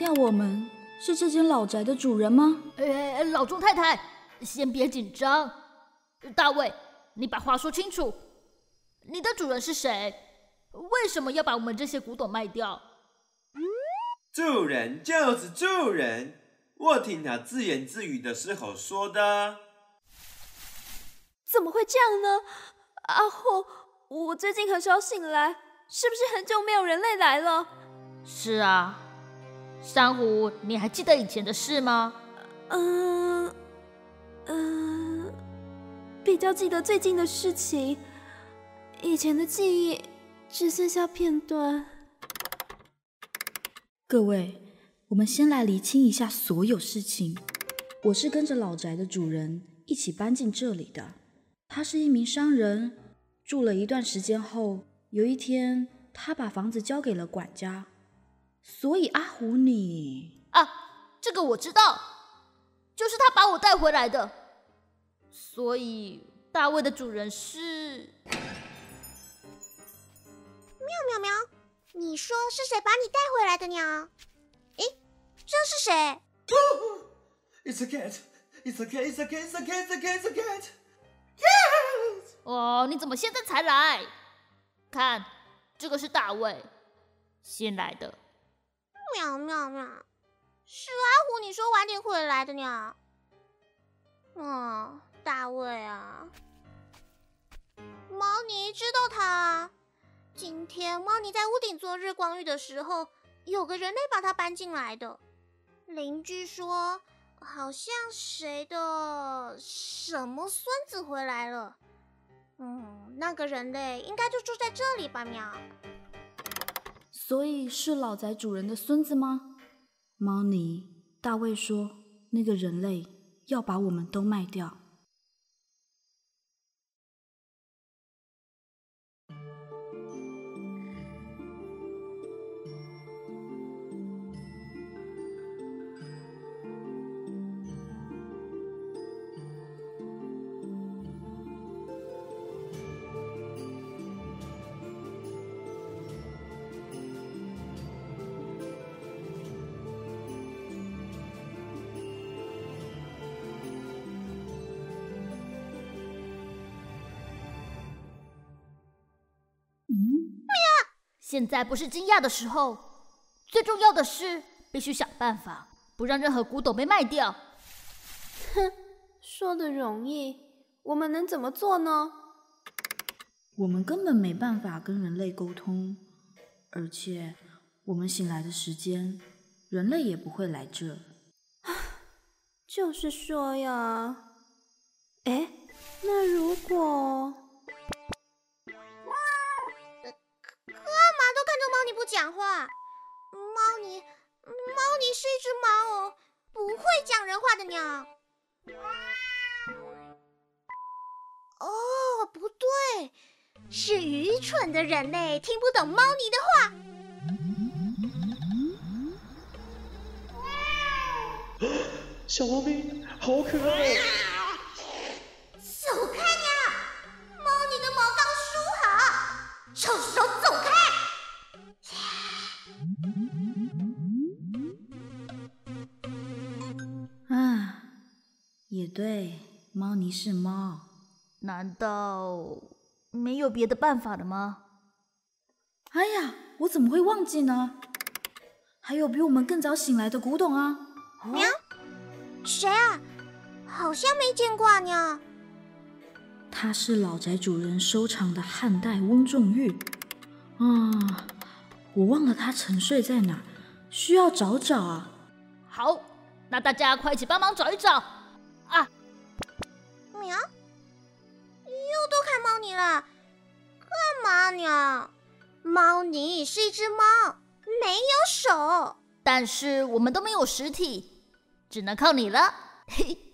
掉，我們是這間老宅的主人嗎？哎哎哎，老鐘太太，先別緊張。大衛，你把話說清楚，你的主人是誰？為什麼要把我們這些古董賣掉？主人就是主人，我聽他自言自語的時候說的。怎麼會這樣呢？阿虎，我最近很少醒來，是不是很久沒有人類來了？是啊。珊瑚，你還記得以前的事嗎？嗯、呃，嗯、呃，比較記得最近的事情，以前的記憶只剩下片段。各位，我們先來釐清一下所有事情。我是跟着老宅的主人一起搬進這裡的，他是一名商人，住了一段時間後，有一天他把房子交給了管家。所以阿狐你啊，這個我知道，就是他把我帶回來的。所以大衛的主人是喵喵喵。你說是誰把你帶回來的呢？咦，這是誰？It's a cat. It's a cat. It's a cat. It's a cat. It's a cat. Cat. 哦，你怎麼現在才來？看，這個是大衛，新來的。喵喵喵，是阿虎，你說晚點回來的喵。哦，大衛啊，貓尼知道他。今天貓尼在屋頂做日光浴的時候，有個人類把他搬進來的。鄰居說，好像誰的什麼孫子回來了。嗯，那個人類應該就住在這裡吧，喵。所以是老宅主人的孫子嗎？貓尼，大衛說，那個人類要把我們都賣掉。現在不是驚訝的時候，最重要的是必須想辦法不讓任何古董被賣掉。哼，說得容易，我們能怎麼做呢？我們根本沒辦法跟人類溝通，而且我們醒來的時間，人類也不會來這。啊，就是說呀，哎，那如果……不講話，貓泥，貓泥是一隻貓哦，不會講人話的鳥。哦，哦，不對，是愚蠢的人類聽不懂貓泥的話。嗯哦、 小貓咪好可愛， 走開呀、啊！貓泥的毛剛梳好，臭手走開。走也對，貓尼是貓。難道沒有別的辦法了嗎？哎呀，我怎麼會忘記呢？還有比我們更早醒來的古董啊！喵、哦、誰啊？好像沒見過、啊、娘。他是老宅主人收藏的漢代翁仲玉。啊，我忘了他沉睡在哪兒，需要找找啊。好，那大家快一起幫忙找一找。啊！你又都看貓你了，幹嘛娘、啊，貓你是一隻貓，沒有手。但是我們都沒有實體，只能靠你了。嘿。